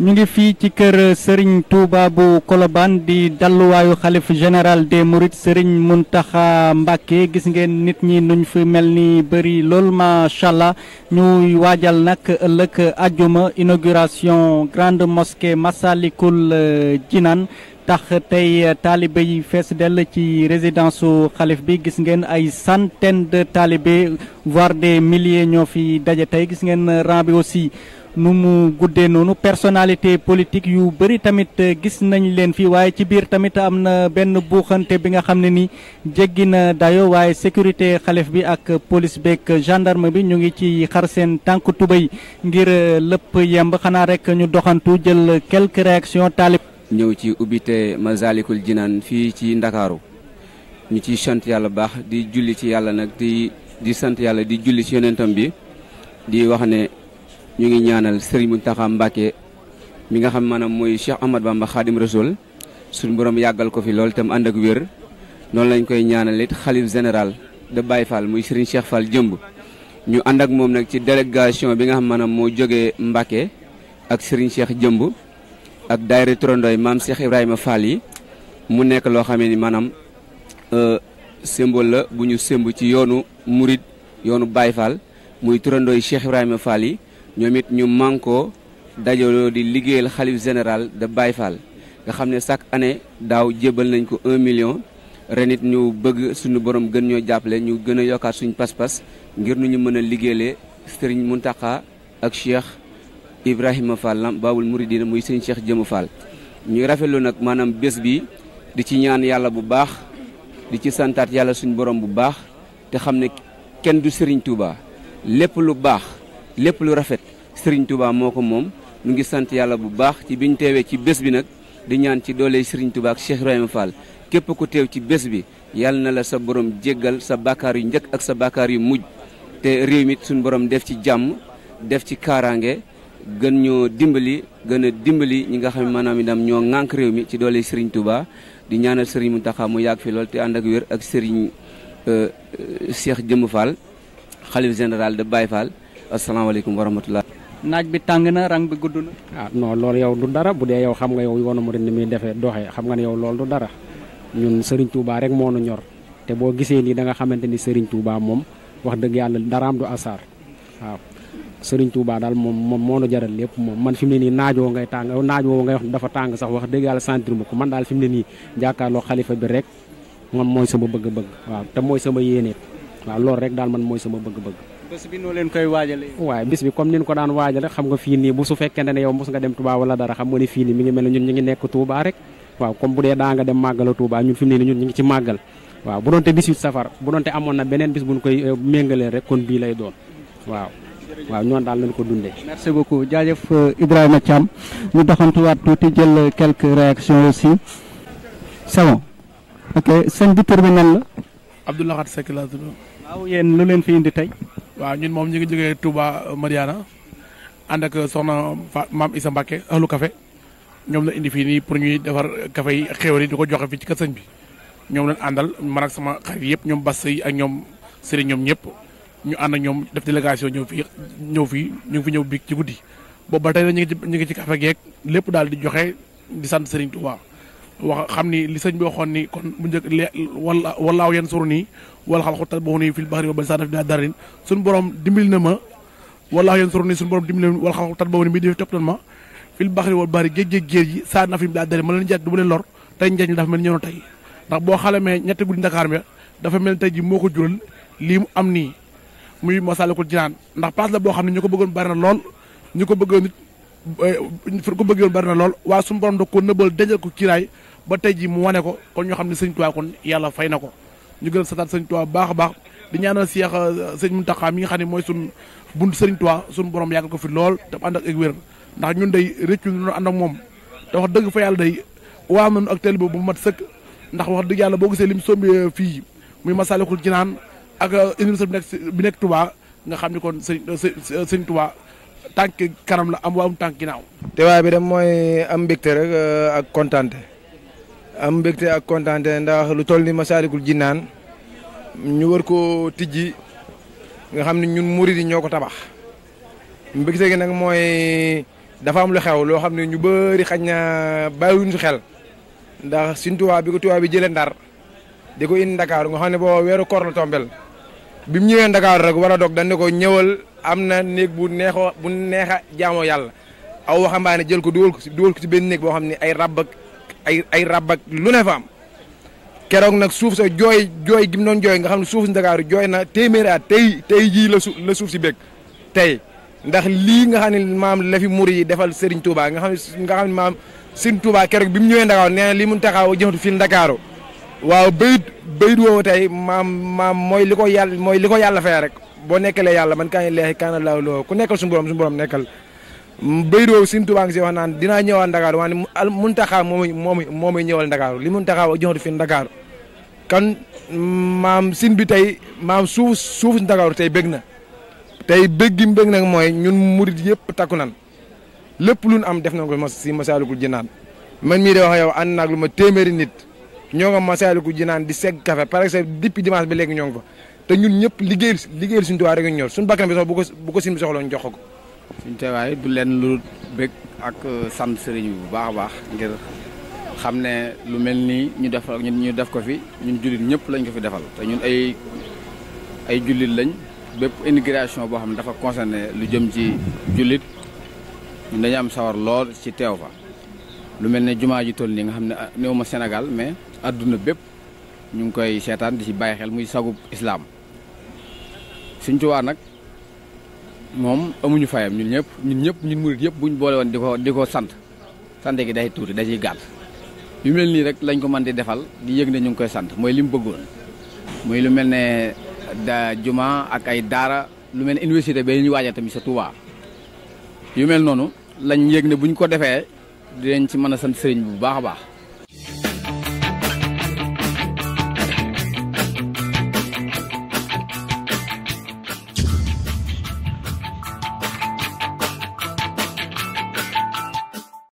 ñu ngi fii ci kër Serigne Touba bu Colobane di dalluwaayu xalif général des Mourides Serigne Mountakha Mbacké gis ngeen nit ñi nuñ fi mel ni bëri lool macha allah ñuy waajal nag ëllëg ajjuma inauguration grande mosquée Massalikul euh, Jinaan tax tey taalibe yi fees dell ci résidence su xalif bi gis ngeen ay centaine de taalibe voire de milliers ñoo fi daje tey gis ngeen rang bi aussi. nu mu guddee noonu personalité politique yu bëri tamit euh, gis nañ leen fii waaye ci biir tamit am na benn buuxante bi nga xam ne ni jéggi na dayo waaye sécurité xalif bi ak police beeg gendarme bi ñu ngi ci xar seen tànk tubéy ngir euh, lëpp yemb xanaa rek ñu doxantu jël quelques réactions taalib ñëw ci ubbite Masalikul Jinaan fii ci Ndakaaru ñu ci sant yàlla baax di julli ci yàlla nag di di sant yàlla di julli ci yonentam bi di wax ne ñu ngi ñaanal Serigne Mountakha Mbacké mi nga xam maanaam mooy Cheikh Ahmad Bamba Khadim Rasoul suñu borom yàggal ko fi loolu tam ànd ak wér noonu lañ koy ñaanal it xalif général de Baye Fall muy Serigne Cheikh Fall jëmb ñu ànd ak moom nag ci délégation bi nga xam maanaam moo jógee Mbacké ak Serigne Cheikh jëmb ak daayira Trondooy maam Cheikh Ibrahima Fall yi mu nekk loo xamee ni maanaam euh, symbole la bu ñu sëmb ci yoonu Murid yoonu Baye Fall muy Trondooy Cheikh Ibrahima yi. ñoom it ñu mànkoo dajaloo di liggéeyal xalif général de Baye Fall nga xam ne chaque année daaw jébal nañ ko un million ren it ñu bëgg suñu borom gën ñoo jàppale ñu gën a yokkaat suñu pas-pas ngir nu ñu mën a liggéeyale sëriñ Mountakha ak Cheikh Ibrahima Fall lam baabul muridina muy sëriñ Cheikh Jëmu Fall ñu rafetlu nag maanaam bés bi di ci ñaan yàlla bu baax di ci santaat yàlla suñu borom bu baax te xam ne kenn du sëriñ Touba lépp lu baax lépp lu rafet Serigne Touba moo ko moom ñu ngi sant yàlla bu baax ci biñ teewee ci bés bi nag di ñaan ci doole Serigne Touba ak Cheikh Ibrahima Fall képp ku teew ci bés bi yàlla na la sa borom jéggal sa bakkaar yu njëkk ak sa bakkaar yu mujj te réew mi suñu borom def ci jàmm def ci kaaraange gën ñoo dimbali gën dimbali ñi nga xam ne maanaam itam ñoo ŋànk réew mi ci doole Serigne Touba di ñaanal Serigne Mountakha mu yàgg fi lool te ànd ak wér ak Serigne euh, euh, Cheikh Jëmm Fall général de Baye asalaamaaleykum wa naaj bi tàng na rang bi gudd na. ah non loolu yow du dara bu dee yow xam nga yow yoonu murid ni muy defee doxee xam nga ne yow loolu du dara ñun sëriñ Touba rek moo nu ñor te boo gisee nii da nga xamante ni Serigne Touba moom wax dëgg yàlla daraam du asaar waaw Serigne Touba daal moom moom moo nu jaral lépp moom man fi mu ne nii naajoo ngay tàng naajoo ngay wax dafa tàng sax wax dëgg yàlla sentir ma ko man daal fi mu ne nii jàkkaarloo xalifa bi rek man mooy sama bëgg-bëgg waaw te mooy sama yéene waaw loolu rek daal man mooy sama bëgg-bëgg. bés bi noo leen koy waajalee. waaye bis bi comme ni ñu ko daan waajale xam nga fii nii bu su fekkente ne yow mos nga dem Touba wala dara xam nga ne fii nii mi ngi mel ne ñun ñu ngi nekk Touba rek waaw comme bu dee daa nga dem màggala Touba ñun fi mu ne ñun ñu ngi ci màggal waaw bu doonte 18 safar bu doonte amoon na beneen bis buñ koy euh, méngalee rek kon bii lay doon waaw waaw ñoon daal lañ ko dundee merci beaucoup jaajëf euh, Ibrahima Thiam ñu doxantuwaat tuuti jël quelques réactions aussi c'est bon ok sëñ bi tur bi nan la Abdou Lahad Seck laa tudd waaw yéen lu leen fi indi tey waaw ñun moom ñu ngi jógee Touba euh, Mariana ànd ak euh, soxna maam Issa Mbacke ahlu kafe ñoom la indi fii nii pour ñuy defar kafe yi xéwal yi di ko joxe fii ci kër sëñ bi ñoom lañ àndal man sama xarit yëpp ñoom Bass yi ak ñoom Serigne ñoom ñëpp ñu ànd ñoom def délégation ñëw fii ñëw fii ñu fi ñëw biig ci guddi boobu ba na ñu ci ñu ngi ci café geek lépp daal di joxe di sant Serigne Touba. wax xam ni li sëñ bi waxoon ni kon bu njëkk wala walaaw yan suru nii wala xam xottal boo nii fil baxri wa bal saana fi naa darin suñu borom dimbil na ma walaaw yan suru nii suñu borom dimbil na ma wala xam boo nii mi def toppatoon ma fil baxri wa bari saa na fi daa darin ma leen jàpp du ma leen lor tey njañ dafa mel ñëw na tey ndax boo mee ñetti guddi ndakaar mi dafa mel tey ji moo ko jural lii mu am nii muy Masaalikul Jinaan ndax place la boo xam ne ñu ko bëggoon bari na lool ñu ko bëggoon nit Eh, fi ko bëggee woon bari na lool waaye suñu borom da ko nëbal dajal ko kiiraay ba tey ji mu wane ko kon ñoo xam ne sëñ Tuubaa kon yàlla fay na ko ñu gën a sataat sëñ Tuubaa baax a baax di ñaanal Seex eh, sëñ Muntaxa mi nga xam ne mooy suñ bunt sëñ Tuubaa suñu borom yàggal ko fi lool te ànd ndax ñun day réccu ñu ànd ak moom te wax dëgg fa yàlla day waa nañu ak teel boobu bu mat sëkk ndax wax dëgg yàlla boo gisee lim sombi eh, fii muy Masaalikul Jinaan ak université bi nekk bi nekk Tuubaa nga xam ne kon sëñ sëñ Tuubaa tànk kanam la am waa am tànk ginnaaw. teewaay bi dem mooy am mbégte rek euh, ak kontaante am mbégte ak kontaante ndax lu toll ni Masaalikul Jinaan ñu war ko tijji nga xam ne ñun murid yi ñoo ko tabax mbégte gi nag mooy dafa am lu xew loo xam ne ñu bëri xañ na bàyyiwuñu si xel ndax Sëñ Tuubaa bi ko Tuubaa bi jële Ndar di ko in Ndakaaru nga xam ne boo weeru koor la tombel bi mu ñëwee Ndakaaru rek war a dog dañ ko ñëwal. am na néeg bu neexoo bu neex a jaamoo yàlla aw jël ko dugal ko si dugal ko si benn néeg boo xam ne ay rab ak ay lu ne fa keroog nag suuf sa jooy jooy gi noon jooy nga xam ne suuf si Ndakaaru jooy na téeméeri at tey tey jii la su la suuf si bëgg tey ndax lii nga xam ne maam la fi muri yi defal Serigne Touba nga xam ne nga xam ne maam Serigne Touba keroog bi mu ñëwee Ndakaaru nee na li mu taxaw jëmatu fii Ndakaaru waaw bayit bayit woowu tey maam maam mooy li ko yàlla mooy li ko yàlla fay rek boo nekkalee yàlla man kaa ngi leexi kaan la loo ku nekkal suñu borom suñu borom nekkal bayit woowu Sëriñ Tuubaa ngi si wax naan dinaa ñëwaat Ndakaaru waaye Muntaxaa moomu moomu moomuy ñëwal Ndakaaru li Muntaxaa wax joxatu fi Ndakaaru kan maam sin bi tey maam suuf suufu Ndakaaru tey bég na tey bég gi bég nag mooy ñun murit yëpp takku nan lépp lu am def nañ ko si Masaalikul Jinaan man mii de wax yow ànd naag ma téeméeri nit ñoo nga Masaalikul Jinaan di segg kafe par exemple depuis dimanche bi léegi ñoo ngi fa te ñun ñëpp liggéey liggéeyal suñu tubaab rek ñu ñor suñu bakkan bi bu ko bu ko sin bi soxla ñu jox ko. teewaay du leen lu bëgg ak euh, sant sëriñ bu baax a baax ngir xam ne lu mel nii ñu def ñun ñu def ko fi ñun jullit ñëpp lañ ko fi defal te ñun ay ay jullit lañ bépp immigration boo xam ne dafa concerné lu jëm ci jullit ñun dañu am sawar lool ci teew fa. lu mel ne jumaa ji toll nii nga xam ne ah, néew ma Sénégal mais àdduna bépp ñu ngi koy seetaan di ci bàyyi xel muy sagub islaam Sëñ Tuubaa nag moom amuñu fayam ñun ñëpp ñun ñëpp ñun murit yëpp buñ boole woon di ko di ko sant sant gi day tuuti da ciy gàtt yu mel nii rek lañ ko mën di defal di yëg ne ñu ngi koy sant mooy li mu bëggoon muy lu mel ne da juma ak ay daara lu mel ne université ba ñu waajal tamit sa Tuubaa yu mel noonu lañ yëg ne buñ ko defee dinañ ci mën a sant sëriñ bu baax a baax